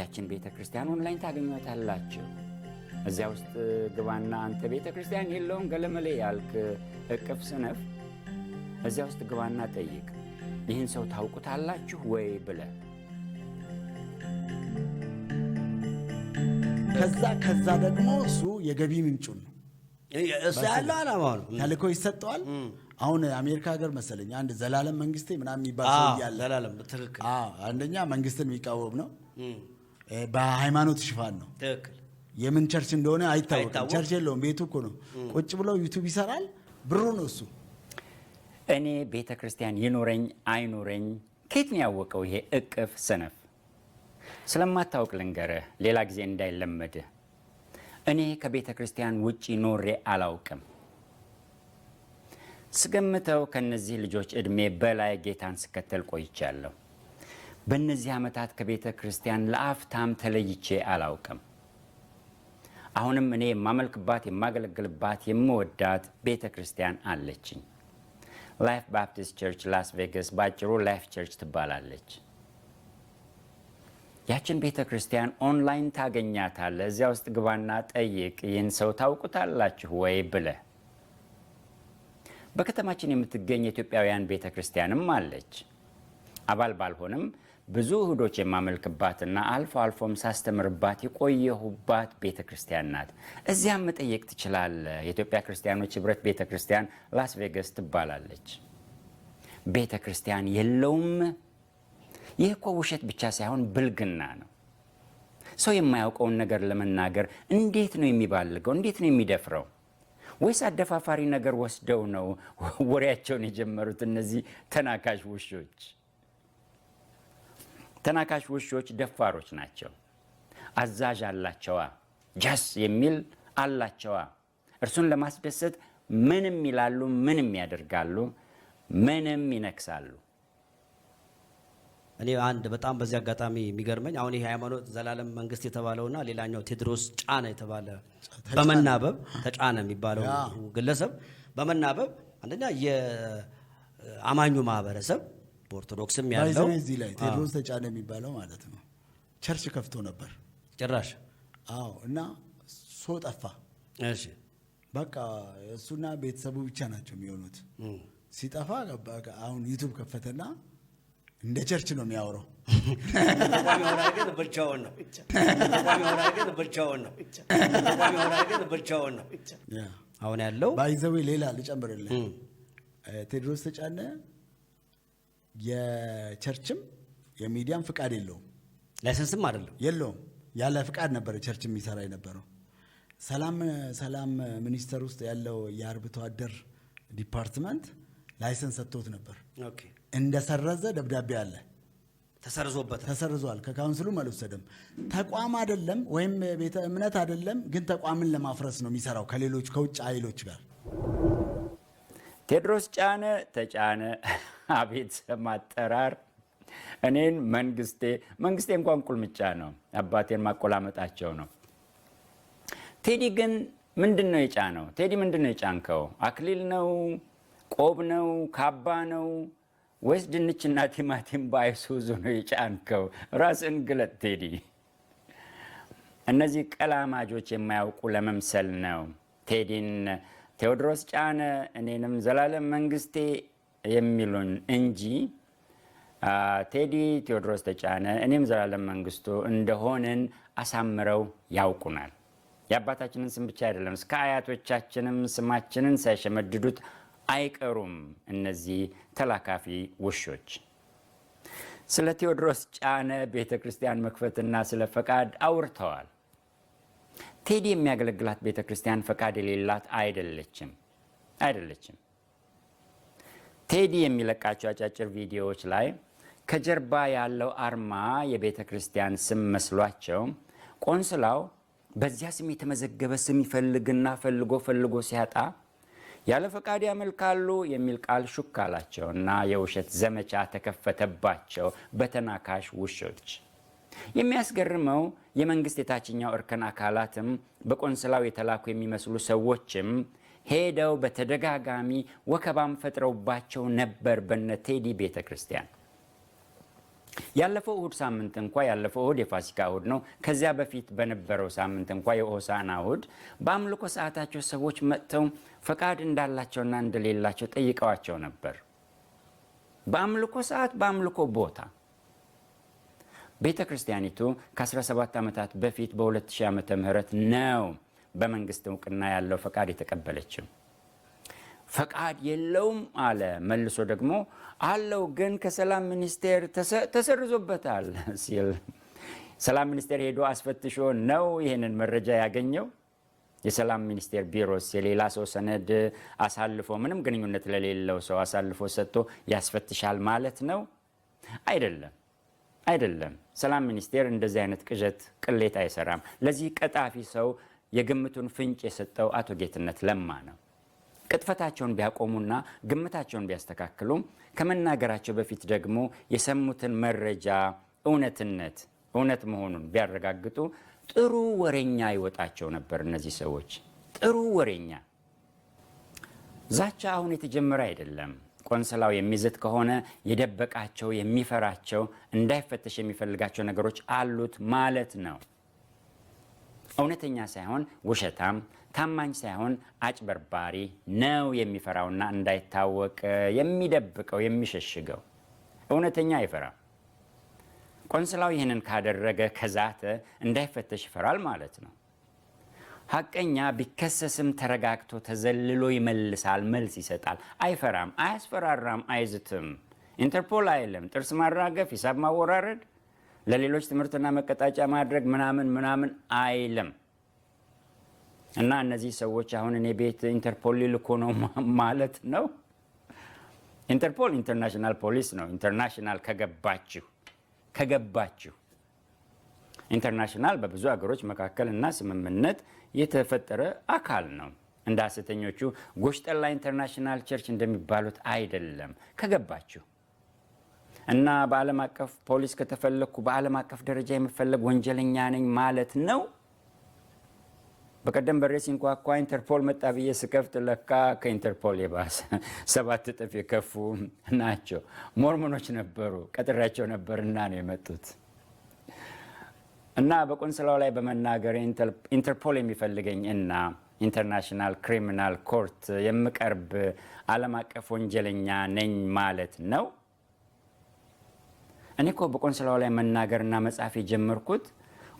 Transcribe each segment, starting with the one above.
ያችን ቤተ ክርስቲያን ኦንላይን ታገኟታላችሁ። እዚያ ውስጥ ግባና አንተ ቤተ ክርስቲያን የለውም ገለመሌ ያልክ እቅፍ ስነፍ እዚያ ውስጥ ግባና ጠይቅ ይህን ሰው ታውቁታላችሁ ወይ ብለ ከዛ ከዛ ደግሞ እሱ የገቢ ምንጩን ነው እሱ ያለው አላማ ነው። ተልእኮ ይሰጠዋል። አሁን አሜሪካ ሀገር መሰለኝ አንድ ዘላለም መንግስቴ ምናምን የሚባል ሰው እያለ አንደኛ መንግስትን የሚቃወም ነው በሃይማኖት ሽፋን ነው። የምን ቸርች እንደሆነ አይታወቅም። ቸርች የለውም፣ ቤቱ እኮ ነው። ቁጭ ብለው ዩቱብ ይሰራል፣ ብሩ ነው እሱ። እኔ ቤተ ክርስቲያን ይኖረኝ አይኖረኝ ከየት ነው ያወቀው ይሄ እቅፍ ሰነፍ? ስለማታውቅ ልንገርህ፣ ሌላ ጊዜ እንዳይለመድህ። እኔ ከቤተ ክርስቲያን ውጪ ኖሬ አላውቅም። ስገምተው ከነዚህ ልጆች እድሜ በላይ ጌታን ስከተል ቆይቻለሁ። በእነዚህ ዓመታት ከቤተ ክርስቲያን ለአፍታም ተለይቼ አላውቅም። አሁንም እኔ የማመልክባት የማገለግልባት የምወዳት ቤተ ክርስቲያን አለችኝ። ላይፍ ባፕቲስት ቸርች ላስ ቬጋስ፣ በአጭሩ ላይፍ ቸርች ትባላለች። ያችን ቤተ ክርስቲያን ኦንላይን ታገኛታለ። እዚያ ውስጥ ግባና ጠይቅ፣ ይህን ሰው ታውቁታላችሁ ወይ ብለ በከተማችን የምትገኝ የኢትዮጵያውያን ቤተ ክርስቲያንም አለች። አባል ባልሆንም ብዙ እሁዶች የማመልክባትና አልፎ አልፎም ሳስተምርባት የቆየሁባት ቤተ ክርስቲያን ናት። እዚያም መጠየቅ ትችላለህ። የኢትዮጵያ ክርስቲያኖች ህብረት ቤተ ክርስቲያን ላስ ቬገስ ትባላለች። ቤተ ክርስቲያን የለውም? ይህ እኮ ውሸት ብቻ ሳይሆን ብልግና ነው። ሰው የማያውቀውን ነገር ለመናገር እንዴት ነው የሚባልገው? እንዴት ነው የሚደፍረው? ወይስ አደፋፋሪ ነገር ወስደው ነው ወሬያቸውን የጀመሩት እነዚህ ተናካሽ ውሾች? ተናካሽ ውሾች ደፋሮች ናቸው። አዛዥ አላቸዋ፣ ጃስ የሚል አላቸዋ። እርሱን ለማስደሰት ምንም ይላሉ፣ ምንም ያደርጋሉ፣ ምንም ይነክሳሉ። እኔ አንድ በጣም በዚህ አጋጣሚ የሚገርመኝ አሁን ይህ ሃይማኖት ዘላለም መንግስት የተባለውና ሌላኛው ቴድሮስ ጫነ የተባለ በመናበብ ተጫነ የሚባለው ግለሰብ በመናበብ አንደኛ የአማኙ ማህበረሰብ በኦርቶዶክስም ያለው እዚህ ላይ ቴዎድሮስ ተጫነ የሚባለው ማለት ነው። ቸርች ከፍቶ ነበር ጭራሽ። አዎ። እና ሶ ጠፋ። እሺ፣ በቃ እሱና ቤተሰቡ ብቻ ናቸው የሚሆኑት። ሲጠፋ አሁን ዩቱብ ከፈተና እንደ ቸርች ነው የሚያወራው። ብቻውን ነው ብቻውን ነው ብቻውን ነው አሁን ያለው ባይዘዌ ሌላ ልጨምርልህ ቴዎድሮስ ተጫነ የቸርችም የሚዲያም ፍቃድ የለውም፣ ላይሰንስም አይደለም የለውም። ያለ ፍቃድ ነበረ ቸርች የሚሰራ የነበረው። ሰላም ሰላም ሚኒስቴር ውስጥ ያለው የአርብቶ አደር ዲፓርትመንት ላይሰንስ ሰጥቶት ነበር። እንደሰረዘ ደብዳቤ አለ። ተሰርዞበት ተሰርዟል። ከካውንስሉም አልወሰደም። ተቋም አይደለም ወይም ቤተ እምነት አይደለም፣ ግን ተቋምን ለማፍረስ ነው የሚሰራው ከሌሎች ከውጭ ኃይሎች ጋር። ቴዎድሮስ ጫነ ተጫነ አቤት ማጠራር እኔን መንግስቴ መንግስቴ እንኳን ቁልምጫ ነው፣ አባቴን ማቆላመጣቸው ነው። ቴዲ ግን ምንድን ነው የጫነው? ቴዲ ምንድን ነው የጫንከው? አክሊል ነው? ቆብ ነው? ካባ ነው ወይስ ድንችና ቲማቲም በአይሱዙ ነው የጫንከው? ራስን ግለጥ ቴዲ። እነዚህ ቀላማጆች የማያውቁ ለመምሰል ነው ቴዲን ቴዎድሮስ ጫነ፣ እኔንም ዘላለም መንግስቴ የሚሉን እንጂ ቴዲ ቴዎድሮስ ተጫነ እኔም ዘላለም መንግስቱ እንደሆንን አሳምረው ያውቁናል። የአባታችንን ስም ብቻ አይደለም እስከ አያቶቻችንም ስማችንን ሳይሸመድዱት አይቀሩም እነዚህ ተላካፊ ውሾች። ስለ ቴዎድሮስ ጫነ ቤተ ክርስቲያን መክፈትና ስለ ፈቃድ አውርተዋል። ቴዲ የሚያገለግላት ቤተ ክርስቲያን ፈቃድ የሌላት አይደለችም አይደለችም። ቴዲ የሚለቃቸው አጫጭር ቪዲዮዎች ላይ ከጀርባ ያለው አርማ የቤተ ክርስቲያን ስም መስሏቸው ቆንስላው በዚያ ስም የተመዘገበ ስም ይፈልግና ፈልጎ ፈልጎ ሲያጣ ያለ ፈቃድ ያመልካሉ የሚል ቃል ሹክ አላቸው እና የውሸት ዘመቻ ተከፈተባቸው በተናካሽ ውሾች። የሚያስገርመው የመንግስት የታችኛው እርከን አካላትም በቆንስላው የተላኩ የሚመስሉ ሰዎችም ሄደው በተደጋጋሚ ወከባም ፈጥረውባቸው ነበር በነ ቴዲ ቤተ ክርስቲያን። ያለፈው እሁድ ሳምንት እንኳ ያለፈው እሁድ የፋሲካ እሁድ ነው። ከዚያ በፊት በነበረው ሳምንት እንኳ የሆሳና እሁድ በአምልኮ ሰዓታቸው ሰዎች መጥተው ፈቃድ እንዳላቸውና እንደሌላቸው ጠይቀዋቸው ነበር። በአምልኮ ሰዓት፣ በአምልኮ ቦታ ቤተ ክርስቲያኒቱ ከ17 ዓመታት በፊት በ2000 ዓመተ ምህረት ነው በመንግስት እውቅና ያለው ፈቃድ የተቀበለችም ፈቃድ የለውም አለ። መልሶ ደግሞ አለው ግን ከሰላም ሚኒስቴር ተሰርዞበታል ሲል ሰላም ሚኒስቴር ሄዶ አስፈትሾ ነው ይህንን መረጃ ያገኘው። የሰላም ሚኒስቴር ቢሮስ የሌላ ሰው ሰነድ አሳልፎ ምንም ግንኙነት ለሌለው ሰው አሳልፎ ሰጥቶ ያስፈትሻል ማለት ነው? አይደለም፣ አይደለም። ሰላም ሚኒስቴር እንደዚህ አይነት ቅዠት፣ ቅሌት አይሰራም። ለዚህ ቀጣፊ ሰው የግምቱን ፍንጭ የሰጠው አቶ ጌትነት ለማ ነው። ቅጥፈታቸውን ቢያቆሙና ግምታቸውን ቢያስተካክሉም ከመናገራቸው በፊት ደግሞ የሰሙትን መረጃ እውነትነት እውነት መሆኑን ቢያረጋግጡ ጥሩ ወሬኛ ይወጣቸው ነበር። እነዚህ ሰዎች ጥሩ ወሬኛ። ዛቻ አሁን የተጀመረ አይደለም። ቆንስላው የሚዝት ከሆነ የደበቃቸው የሚፈራቸው እንዳይፈተሽ የሚፈልጋቸው ነገሮች አሉት ማለት ነው። እውነተኛ ሳይሆን ውሸታም፣ ታማኝ ሳይሆን አጭበርባሪ ነው የሚፈራውና እንዳይታወቅ የሚደብቀው የሚሸሽገው። እውነተኛ አይፈራም። ቆንስላው ይህንን ካደረገ ከዛተ እንዳይፈተሽ ይፈራል ማለት ነው። ሀቀኛ ቢከሰስም ተረጋግቶ ተዘልሎ ይመልሳል፣ መልስ ይሰጣል። አይፈራም፣ አያስፈራራም፣ አይዝትም። ኢንተርፖል አይልም። ጥርስ ማራገፍ፣ ሂሳብ ማወራረድ ለሌሎች ትምህርትና መቀጣጫ ማድረግ ምናምን ምናምን አይልም። እና እነዚህ ሰዎች አሁን እኔ ቤት ኢንተርፖል ልኮ ነው ማለት ነው። ኢንተርፖል ኢንተርናሽናል ፖሊስ ነው። ኢንተርናሽናል ከገባችሁ ከገባችሁ ኢንተርናሽናል በብዙ ሀገሮች መካከል እና ስምምነት የተፈጠረ አካል ነው። እንደ ሐሰተኞቹ ጎሽጠላ ኢንተርናሽናል ቸርች እንደሚባሉት አይደለም። ከገባችሁ እና በዓለም አቀፍ ፖሊስ ከተፈለግኩ በዓለም አቀፍ ደረጃ የምፈለግ ወንጀለኛ ነኝ ማለት ነው። በቀደም በሬ ሲንኳኳ ኢንተርፖል መጣ ብዬ ስከፍት ለካ ከኢንተርፖል የባሰ ሰባት እጥፍ የከፉ ናቸው። ሞርሞኖች ነበሩ፣ ቀጥሬያቸው ነበርና ነው የመጡት። እና በቆንስላው ላይ በመናገር ኢንተርፖል የሚፈልገኝ እና ኢንተርናሽናል ክሪሚናል ኮርት የምቀርብ ዓለም አቀፍ ወንጀለኛ ነኝ ማለት ነው። እኔ እኮ በቆንስላው ላይ መናገርና መጻፍ የጀመርኩት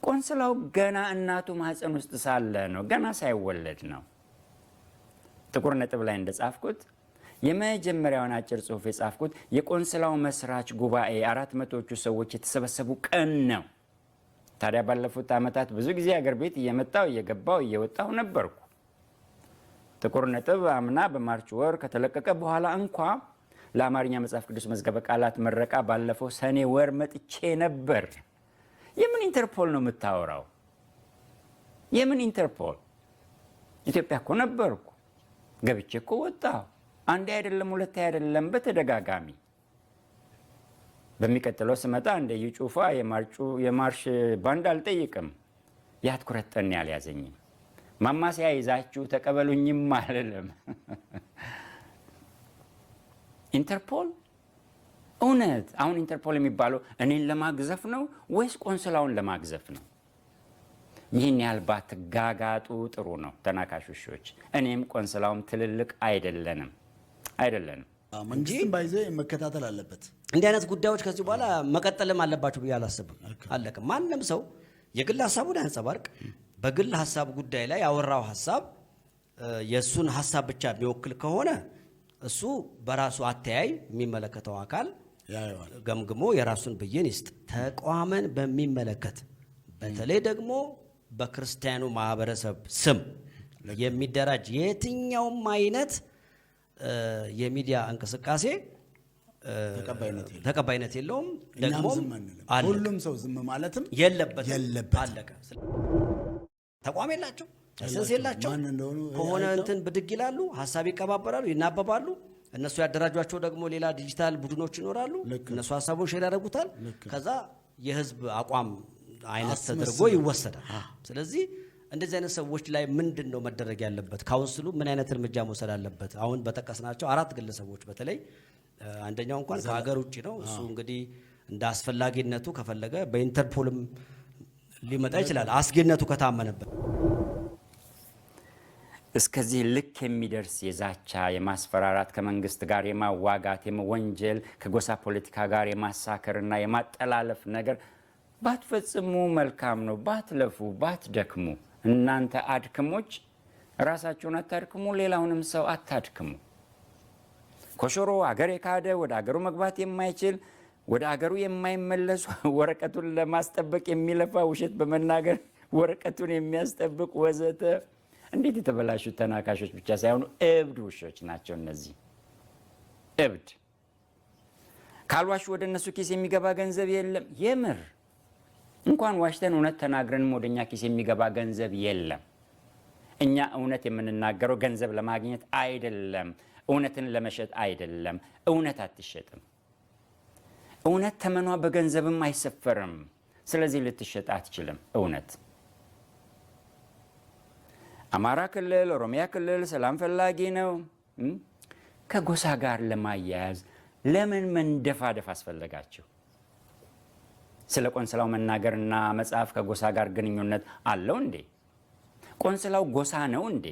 ቆንስላው ገና እናቱ ማህፀን ውስጥ ሳለ ነው፣ ገና ሳይወለድ ነው። ጥቁር ነጥብ ላይ እንደጻፍኩት የመጀመሪያውን አጭር ጽሑፍ የጻፍኩት የቆንስላው መስራች ጉባኤ አራት መቶዎቹ ሰዎች የተሰበሰቡ ቀን ነው። ታዲያ ባለፉት ዓመታት ብዙ ጊዜ አገር ቤት እየመጣው እየገባው እየወጣው ነበርኩ። ጥቁር ነጥብ አምና በማርች ወር ከተለቀቀ በኋላ እንኳ ለአማርኛ መጽሐፍ ቅዱስ መዝገበ ቃላት ምረቃ ባለፈው ሰኔ ወር መጥቼ ነበር። የምን ኢንተርፖል ነው የምታወራው? የምን ኢንተርፖል? ኢትዮጵያ እኮ ነበርኩ፣ ገብቼ እኮ ወጣሁ። አንዴ አይደለም ሁለቴ አይደለም፣ በተደጋጋሚ በሚቀጥለው ስመጣ እንደ እዩ ጩፋ የማርሽ ባንድ አልጠይቅም። ያ ትኩረት ጠን ያልያዘኝም ይዛችሁ ተቀበሉኝም አልልም። ኢንተርፖል እውነት አሁን ኢንተርፖል የሚባለው እኔን ለማግዘፍ ነው ወይስ ቆንስላውን ለማግዘፍ ነው? ይህን ያህል ባትጋጋጡ ጥሩ ነው ተናካሽ ውሾች። እኔም ቆንስላውም ትልልቅ አይደለንም አይደለንም። መንግስትም ባይዘ መከታተል አለበት። እንዲህ አይነት ጉዳዮች ከዚህ በኋላ መቀጠልም አለባቸው ብዬ አላስብም። አለቀ። ማንም ሰው የግል ሀሳቡን ያንጸባርቅ። በግል ሀሳብ ጉዳይ ላይ ያወራው ሀሳብ የእሱን ሀሳብ ብቻ የሚወክል ከሆነ እሱ በራሱ አተያይ የሚመለከተው አካል ገምግሞ የራሱን ብይን ይስጥ። ተቋምን በሚመለከት በተለይ ደግሞ በክርስቲያኑ ማህበረሰብ ስም የሚደራጅ የትኛውም አይነት የሚዲያ እንቅስቃሴ ተቀባይነት የለውም። ደግሞም ሁሉም ሰው ዝም ማለትም የለበት አለቀ። ተቋም የላቸው ላይሰንስ የላቸው ከሆነ እንትን ብድግ ይላሉ፣ ሀሳብ ይቀባበራሉ ይናበባሉ። እነሱ ያደራጇቸው ደግሞ ሌላ ዲጂታል ቡድኖች ይኖራሉ። እነሱ ሀሳቡን ሼር ያደርጉታል። ከዛ የህዝብ አቋም አይነት ተደርጎ ይወሰዳል። ስለዚህ እንደዚህ አይነት ሰዎች ላይ ምንድን ነው መደረግ ያለበት? ካውንስሉ ምን አይነት እርምጃ መውሰድ አለበት? አሁን በጠቀስናቸው አራት ግለሰቦች በተለይ አንደኛው እንኳን ከሀገር ውጭ ነው። እሱ እንግዲህ እንደ አስፈላጊነቱ ከፈለገ በኢንተርፖልም ሊመጣ ይችላል አስጊነቱ ከታመነበት እስከዚህ ልክ የሚደርስ የዛቻ የማስፈራራት ከመንግስት ጋር የማዋጋት የመወንጀል ከጎሳ ፖለቲካ ጋር የማሳከርና የማጠላለፍ ነገር ባትፈጽሙ መልካም ነው። ባትለፉ፣ ባትደክሙ። እናንተ አድክሞች ራሳችሁን አታድክሙ፣ ሌላውንም ሰው አታድክሙ። ኮሾሮ አገር የካደ ወደ አገሩ መግባት የማይችል ወደ አገሩ የማይመለሱ ወረቀቱን ለማስጠበቅ የሚለፋ ውሸት በመናገር ወረቀቱን የሚያስጠብቅ ወዘተ እንዴት የተበላሹ ተናካሾች ብቻ ሳይሆኑ እብድ ውሾች ናቸው። እነዚህ እብድ ካልዋሹ ወደ እነሱ ኪስ የሚገባ ገንዘብ የለም። የምር እንኳን ዋሽተን እውነት ተናግረንም ወደ እኛ ኪስ የሚገባ ገንዘብ የለም። እኛ እውነት የምንናገረው ገንዘብ ለማግኘት አይደለም፣ እውነትን ለመሸጥ አይደለም። እውነት አትሸጥም። እውነት ተመኗ በገንዘብም አይሰፈርም። ስለዚህ ልትሸጥ አትችልም እውነት አማራ ክልል፣ ኦሮሚያ ክልል ሰላም ፈላጊ ነው። ከጎሳ ጋር ለማያያዝ ለምን መንደፋደፍ አስፈለጋቸው? ስለ ቆንስላው መናገርና መጽሐፍ ከጎሳ ጋር ግንኙነት አለው እንዴ? ቆንስላው ጎሳ ነው እንዴ?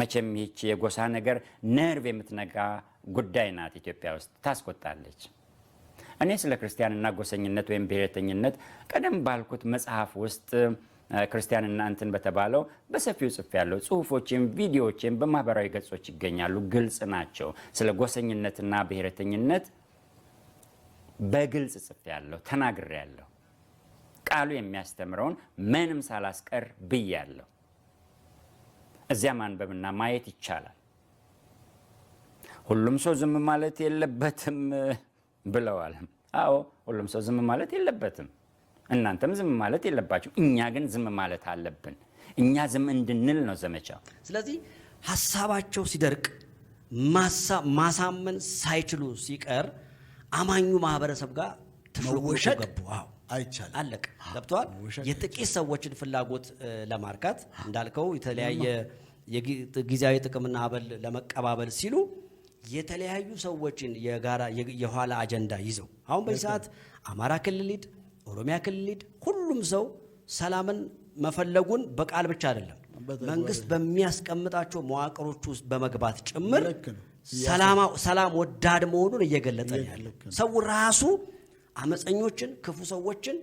መቼም ይቺ የጎሳ ነገር ነርቭ የምትነጋ ጉዳይ ናት። ኢትዮጵያ ውስጥ ታስቆጣለች። እኔ ስለ ክርስቲያንና ጎሰኝነት ወይም ብሔረተኝነት ቀደም ባልኩት መጽሐፍ ውስጥ ክርስቲያንና እንትን በተባለው በሰፊው ጽፍ ያለው ጽሁፎችም ቪዲዮዎችም በማህበራዊ ገጾች ይገኛሉ። ግልጽ ናቸው። ስለ ጎሰኝነትና ብሔረተኝነት በግልጽ ጽፍ ያለው ተናግሬ ያለው ቃሉ የሚያስተምረውን ምንም ሳላስቀር ብያለሁ። እዚያ ማንበብና ማየት ይቻላል። ሁሉም ሰው ዝም ማለት የለበትም ብለዋል። አዎ ሁሉም ሰው ዝም ማለት የለበትም። እናንተም ዝም ማለት የለባችሁ። እኛ ግን ዝም ማለት አለብን። እኛ ዝም እንድንል ነው ዘመቻው። ስለዚህ ሀሳባቸው ሲደርቅ ማሳመን ሳይችሉ ሲቀር አማኙ ማህበረሰብ ጋር መወሸቅ አይቻልም። አለቅ ገብተዋል። የጥቂት ሰዎችን ፍላጎት ለማርካት እንዳልከው የተለያየ ጊዜያዊ ጥቅምና አበል ለመቀባበል ሲሉ የተለያዩ ሰዎችን የጋራ የኋላ አጀንዳ ይዘው አሁን በዚህ ሰዓት አማራ ክልል ሂድ ኦሮሚያ ክልል ሁሉም ሰው ሰላምን መፈለጉን በቃል ብቻ አይደለም፣ መንግስት በሚያስቀምጣቸው መዋቅሮች ውስጥ በመግባት ጭምር ሰላም ወዳድ መሆኑን እየገለጠ ያለ ሰው ራሱ አመፀኞችን፣ ክፉ ሰዎችን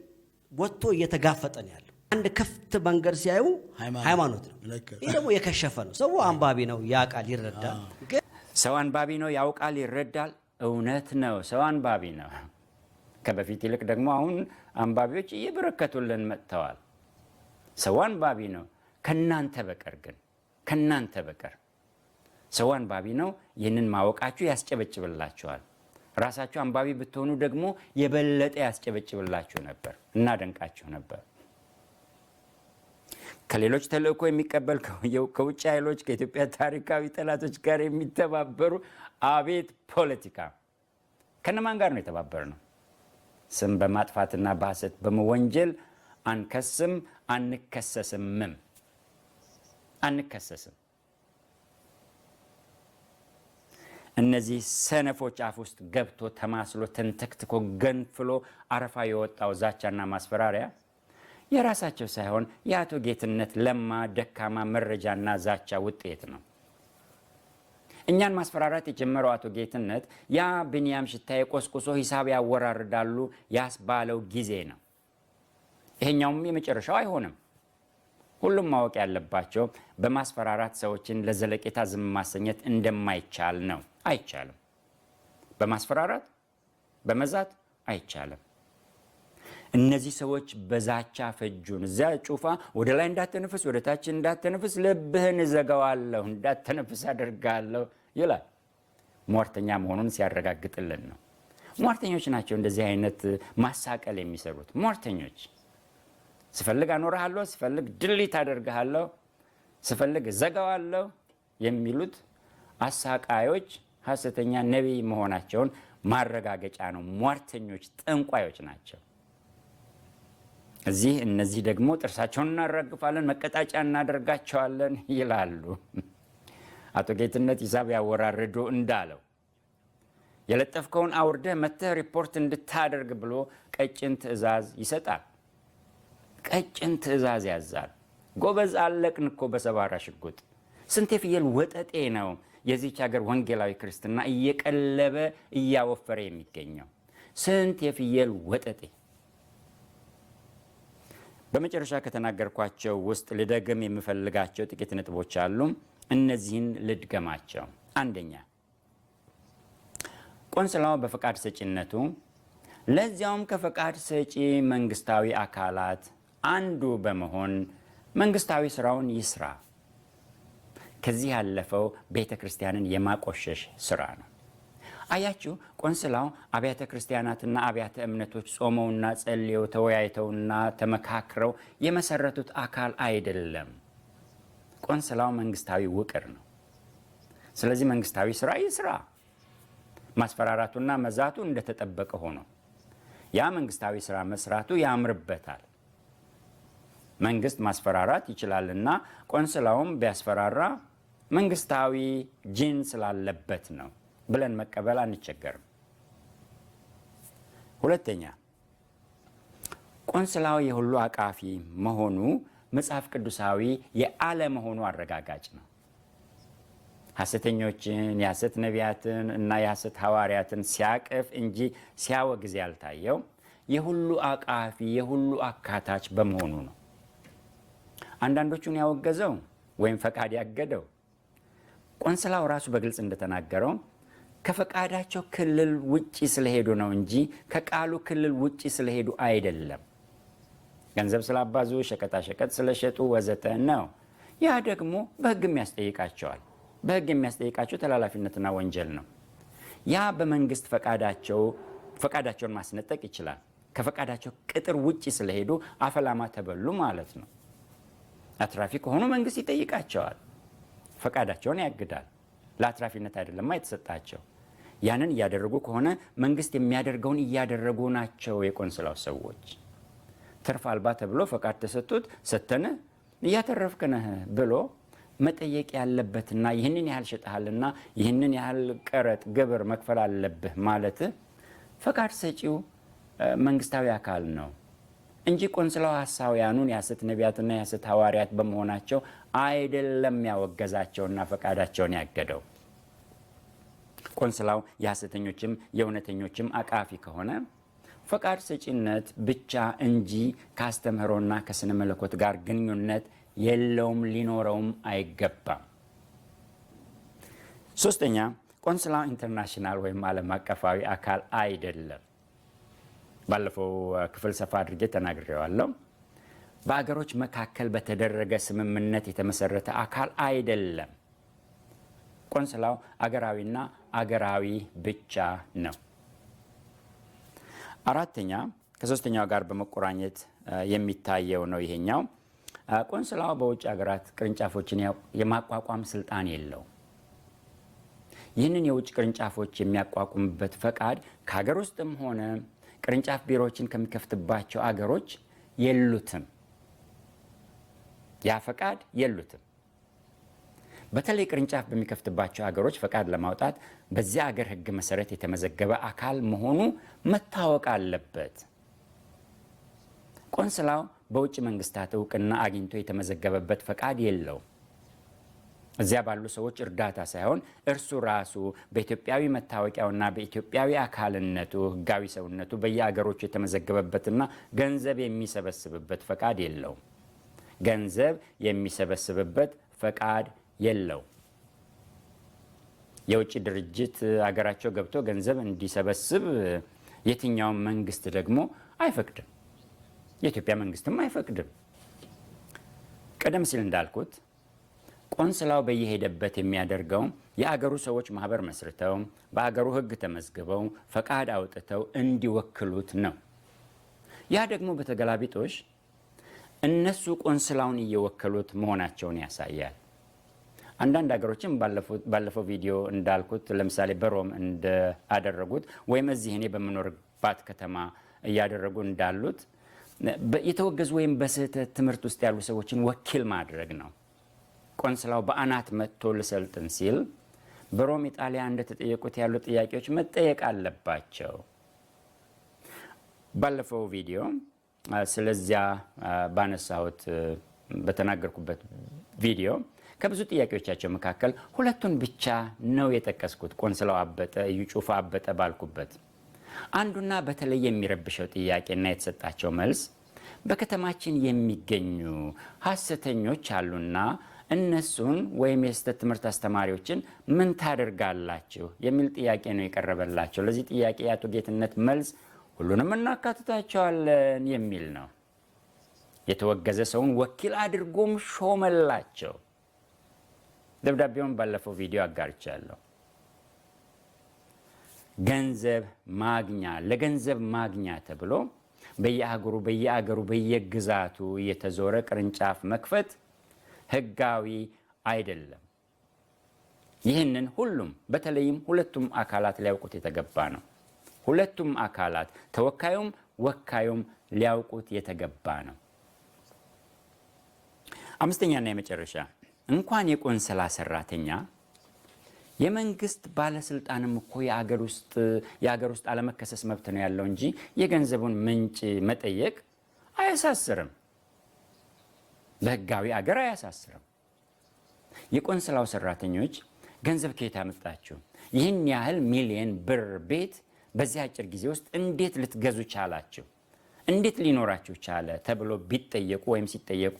ወጥቶ እየተጋፈጠ ነው ያለው። አንድ ክፍት መንገድ ሲያዩ ሃይማኖት ነው። ይህ ደግሞ የከሸፈ ነው። ሰው አንባቢ ነው፣ ያውቃል፣ ይረዳል። ሰው አንባቢ ነው፣ ያውቃል፣ ይረዳል። እውነት ነው። ሰው አንባቢ ነው። ከበፊት ይልቅ ደግሞ አሁን አንባቢዎች እየበረከቱልን መጥተዋል። ሰው አንባቢ ነው ከናንተ በቀር ግን ከናንተ በቀር ሰው አንባቢ ነው። ይህንን ማወቃችሁ ያስጨበጭብላችኋል። ራሳችሁ አንባቢ ብትሆኑ ደግሞ የበለጠ ያስጨበጭብላችሁ ነበር፣ እናደንቃችሁ ነበር። ከሌሎች ተልእኮ የሚቀበል ከውጭ ኃይሎች ከኢትዮጵያ ታሪካዊ ጠላቶች ጋር የሚተባበሩ አቤት ፖለቲካ! ከነማን ጋር ነው የተባበር ነው? ስም በማጥፋትና በሐሰት በመወንጀል አንከስም አንከሰስምም አንከሰስም። እነዚህ ሰነፎች አፍ ውስጥ ገብቶ ተማስሎ ተንተክትኮ ገንፍሎ አረፋ የወጣው ዛቻና ማስፈራሪያ የራሳቸው ሳይሆን የአቶ ጌትነት ለማ ደካማ መረጃና ዛቻ ውጤት ነው። እኛን ማስፈራራት የጀመረው አቶ ጌትነት ያ ብንያም ሽታዬ ቆስቁሶ ሂሳብ ያወራርዳሉ ያስባለው ጊዜ ነው። ይሄኛውም የመጨረሻው አይሆንም። ሁሉም ማወቅ ያለባቸው በማስፈራራት ሰዎችን ለዘለቄታ ዝም ማሰኘት እንደማይቻል ነው። አይቻልም። በማስፈራራት በመዛት አይቻልም። እነዚህ ሰዎች በዛቻ ፈጁን። እዚያ ጩፋ ወደ ላይ እንዳተነፍስ፣ ወደ ታች እንዳተነፍስ፣ ልብህን እዘጋዋለሁ እንዳተነፍስ አደርጋለሁ ይላል። ሟርተኛ መሆኑን ሲያረጋግጥልን ነው። ሟርተኞች ናቸው እንደዚህ አይነት ማሳቀል የሚሰሩት ሟርተኞች። ስፈልግ አኖርሃለሁ፣ ስፈልግ ድሊት አደርግሃለሁ፣ ስፈልግ እዘጋዋለሁ የሚሉት አሳቃዮች ሐሰተኛ ነቢይ መሆናቸውን ማረጋገጫ ነው። ሟርተኞች ጠንቋዮች ናቸው። እዚህ እነዚህ ደግሞ ጥርሳቸውን እናራግፋለን፣ መቀጣጫ እናደርጋቸዋለን ይላሉ። አቶ ጌትነት ሂሳብ ያወራርዱ እንዳለው የለጠፍከውን አውርደህ መተህ ሪፖርት እንድታደርግ ብሎ ቀጭን ትዕዛዝ ይሰጣል። ቀጭን ትዕዛዝ ያዛል። ጎበዝ አለቅን እኮ በሰባራ ሽጉጥ። ስንት የፍየል ወጠጤ ነው የዚች ሀገር ወንጌላዊ ክርስትና እየቀለበ እያወፈረ የሚገኘው? ስንት የፍየል ወጠጤ በመጨረሻ ከተናገርኳቸው ውስጥ ልደግም የምፈልጋቸው ጥቂት ነጥቦች አሉ። እነዚህን ልድገማቸው። አንደኛ ቆንስላው በፈቃድ ሰጪነቱ ለዚያውም ከፈቃድ ሰጪ መንግስታዊ አካላት አንዱ በመሆን መንግስታዊ ስራውን ይስራ። ከዚህ ያለፈው ቤተ ክርስቲያንን የማቆሸሽ ስራ ነው። አያችሁ ቆንስላው አብያተ ክርስቲያናትና አብያተ እምነቶች ጾመውና ጸልየው ተወያይተውና ተመካክረው የመሰረቱት አካል አይደለም። ቆንስላው መንግስታዊ ውቅር ነው። ስለዚህ መንግስታዊ ስራ ይስራ። ማስፈራራቱና መዛቱ እንደተጠበቀ ሆኖ ያ መንግስታዊ ስራ መስራቱ ያምርበታል። መንግስት ማስፈራራት ይችላልና ቆንስላውም ቢያስፈራራ መንግስታዊ ጅን ስላለበት ነው። ብለን መቀበል አንቸገርም። ሁለተኛ ቆንስላዊ የሁሉ አቃፊ መሆኑ መጽሐፍ ቅዱሳዊ የአለመሆኑ አረጋጋጭ ነው። ሐሰተኞችን የሐሰት ነቢያትን እና የሐሰት ሐዋርያትን ሲያቅፍ እንጂ ሲያወግዝ ያልታየው የሁሉ አቃፊ የሁሉ አካታች በመሆኑ ነው። አንዳንዶቹን ያወገዘው ወይም ፈቃድ ያገደው ቆንስላው ራሱ በግልጽ እንደተናገረው ከፈቃዳቸው ክልል ውጭ ስለሄዱ ነው እንጂ ከቃሉ ክልል ውጭ ስለሄዱ አይደለም። ገንዘብ ስላባዙ፣ ሸቀጣሸቀጥ ስለሸጡ ወዘተ ነው። ያ ደግሞ በህግ የሚያስጠይቃቸዋል በህግ የሚያስጠይቃቸው ተላላፊነትና ወንጀል ነው። ያ በመንግስት ፈቃዳቸውን ማስነጠቅ ይችላል። ከፈቃዳቸው ቅጥር ውጭ ስለሄዱ አፈላማ ተበሉ ማለት ነው። አትራፊ ከሆኑ መንግስት ይጠይቃቸዋል። ፈቃዳቸውን ያግዳል። ለአትራፊነት አይደለማ የተሰጣቸው። ያንን እያደረጉ ከሆነ መንግስት የሚያደርገውን እያደረጉ ናቸው። የቆንስላው ሰዎች ትርፍ አልባ ተብሎ ፈቃድ ተሰጡት ሰተነ ነህ ብሎ መጠየቅ ያለበትና ይህንን ያህል ሸጠሃልና ይህንን ያህል ቀረጥ ግብር መክፈል አለብህ ማለት ፈቃድ ሰጪው መንግስታዊ አካል ነው እንጂ ቆንስላው ሀሳውያኑን የሐሰት ነቢያትና የሐሰት ሐዋርያት በመሆናቸው አይደለም ያወገዛቸውና ፈቃዳቸውን ያገደው። ኮንስላው የሐሰተኞችም የእውነተኞችም አቃፊ ከሆነ ፈቃድ ሰጪነት ብቻ እንጂ ከአስተምህሮና ከስነ መለኮት ጋር ግንኙነት የለውም፣ ሊኖረውም አይገባም። ሶስተኛ ቆንስላው ኢንተርናሽናል ወይም ዓለም አቀፋዊ አካል አይደለም። ባለፈው ክፍል ሰፋ አድርጌ ተናግሬዋለሁ። በሀገሮች መካከል በተደረገ ስምምነት የተመሰረተ አካል አይደለም። ቆንስላው አገራዊና አገራዊ ብቻ ነው። አራተኛ ከሶስተኛው ጋር በመቆራኘት የሚታየው ነው። ይሄኛው ቆንስላው በውጭ ሀገራት ቅርንጫፎችን የማቋቋም ስልጣን የለው። ይህንን የውጭ ቅርንጫፎች የሚያቋቁምበት ፈቃድ ከሀገር ውስጥም ሆነ ቅርንጫፍ ቢሮዎችን ከሚከፍትባቸው አገሮች የሉትም። ያ ፈቃድ የሉትም። በተለይ ቅርንጫፍ በሚከፍትባቸው ሀገሮች ፈቃድ ለማውጣት በዚያ ሀገር ህግ መሰረት የተመዘገበ አካል መሆኑ መታወቅ አለበት። ቆንስላው በውጭ መንግስታት እውቅና አግኝቶ የተመዘገበበት ፈቃድ የለው። እዚያ ባሉ ሰዎች እርዳታ ሳይሆን እርሱ ራሱ በኢትዮጵያዊ መታወቂያውና በኢትዮጵያዊ አካልነቱ ህጋዊ ሰውነቱ በየአገሮቹ የተመዘገበበትና ገንዘብ የሚሰበስብበት ፈቃድ የለው። ገንዘብ የሚሰበስብበት ፈቃድ የለው። የውጭ ድርጅት አገራቸው ገብቶ ገንዘብ እንዲሰበስብ የትኛውም መንግስት ደግሞ አይፈቅድም። የኢትዮጵያ መንግስትም አይፈቅድም። ቀደም ሲል እንዳልኩት ቆንስላው በየሄደበት የሚያደርገው የአገሩ ሰዎች ማህበር መስርተው በአገሩ ሕግ ተመዝግበው ፈቃድ አውጥተው እንዲወክሉት ነው። ያ ደግሞ በተገላቢጦሽ እነሱ ቆንስላውን እየወከሉት መሆናቸውን ያሳያል። አንዳንድ ሀገሮችም ባለፈው ቪዲዮ እንዳልኩት ለምሳሌ በሮም እንዳደረጉት ወይም እዚህ እኔ በምኖርባት ከተማ እያደረጉ እንዳሉት የተወገዙ ወይም በስህተት ትምህርት ውስጥ ያሉ ሰዎችን ወኪል ማድረግ ነው። ቆንስላው በአናት መጥቶ ልሰልጥን ሲል በሮም ኢጣሊያ እንደተጠየቁት ያሉ ጥያቄዎች መጠየቅ አለባቸው። ባለፈው ቪዲዮ ስለዚያ ባነሳሁት በተናገርኩበት ቪዲዮ ከብዙ ጥያቄዎቻቸው መካከል ሁለቱን ብቻ ነው የጠቀስኩት። ቆንስላው አበጠ፣ እዩ ጩፋ አበጠ ባልኩበት አንዱና በተለይ የሚረብሸው ጥያቄና የተሰጣቸው መልስ በከተማችን የሚገኙ ሀሰተኞች አሉና እነሱን ወይም የስህተት ትምህርት አስተማሪዎችን ምን ታደርጋላችሁ የሚል ጥያቄ ነው የቀረበላቸው። ለዚህ ጥያቄ የአቶ ጌትነት መልስ ሁሉንም እናካትታቸዋለን የሚል ነው። የተወገዘ ሰውን ወኪል አድርጎም ሾመላቸው። ደብዳቤውን ባለፈው ቪዲዮ አጋርቻለሁ። ገንዘብ ማግኛ ለገንዘብ ማግኛ ተብሎ በየአገሩ በየአገሩ በየግዛቱ የተዞረ ቅርንጫፍ መክፈት ህጋዊ አይደለም። ይህንን ሁሉም በተለይም ሁለቱም አካላት ሊያውቁት የተገባ ነው። ሁለቱም አካላት ተወካዩም ወካዩም ሊያውቁት የተገባ ነው። አምስተኛና የመጨረሻ እንኳን የቆንስላ ሰራተኛ የመንግስት ባለስልጣንም እኮ የአገር ውስጥ አለመከሰስ መብት ነው ያለው እንጂ የገንዘቡን ምንጭ መጠየቅ አያሳስርም። በህጋዊ አገር አያሳስርም። የቆንስላው ሰራተኞች ገንዘብ ከየት ያመጣችሁ? ይህን ያህል ሚሊየን ብር ቤት በዚህ አጭር ጊዜ ውስጥ እንዴት ልትገዙ ቻላችሁ? እንዴት ሊኖራችሁ ቻለ? ተብሎ ቢጠየቁ ወይም ሲጠየቁ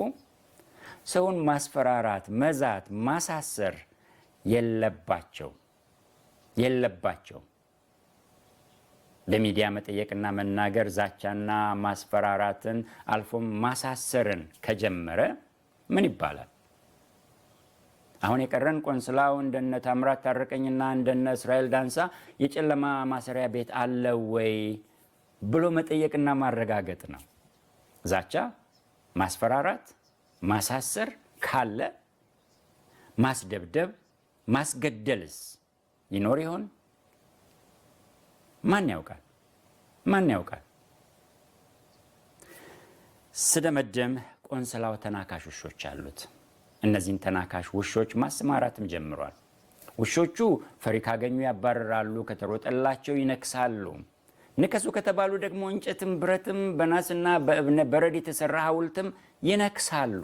ሰውን ማስፈራራት፣ መዛት፣ ማሳሰር የለባቸው የለባቸው በሚዲያ መጠየቅና መናገር ዛቻና ማስፈራራትን አልፎም ማሳሰርን ከጀመረ ምን ይባላል? አሁን የቀረን ቆንስላው እንደነ ታምራት ታረቀኝና እንደነ እስራኤል ዳንሳ የጨለማ ማሰሪያ ቤት አለ ወይ ብሎ መጠየቅና ማረጋገጥ ነው። ዛቻ ማስፈራራት ማሳሰር ካለ ማስደብደብ፣ ማስገደልስ ይኖር ይሆን? ማን ያውቃል? ማን ያውቃል? ስደመደም ቆንስላው ተናካሽ ውሾች አሉት። እነዚህን ተናካሽ ውሾች ማሰማራትም ጀምሯል። ውሾቹ ፈሪ ካገኙ ያባርራሉ፣ ከተሮጠላቸው ይነክሳሉ። ንከሱ ከተባሉ ደግሞ እንጨትም ብረትም በናስና በእብነ በረድ የተሰራ ሐውልትም ይነክሳሉ።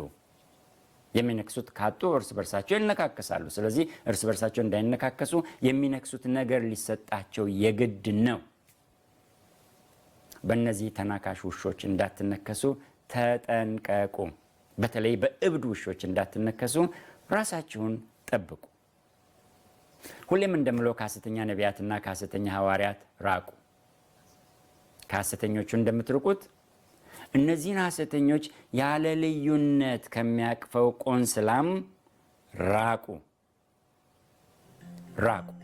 የሚነክሱት ካጡ እርስ በርሳቸው ይነካከሳሉ። ስለዚህ እርስ በርሳቸው እንዳይነካከሱ የሚነክሱት ነገር ሊሰጣቸው የግድ ነው። በእነዚህ ተናካሽ ውሾች እንዳትነከሱ ተጠንቀቁ። በተለይ በእብድ ውሾች እንዳትነከሱ ራሳችሁን ጠብቁ። ሁሌም እንደምለው ከሐሰተኛ ነቢያትና ከሐሰተኛ ሐዋርያት ራቁ። ከሐሰተኞቹ እንደምትርቁት እነዚህን ሐሰተኞች ያለ ልዩነት ከሚያቅፈው ቆንስላም ራቁ ራቁ።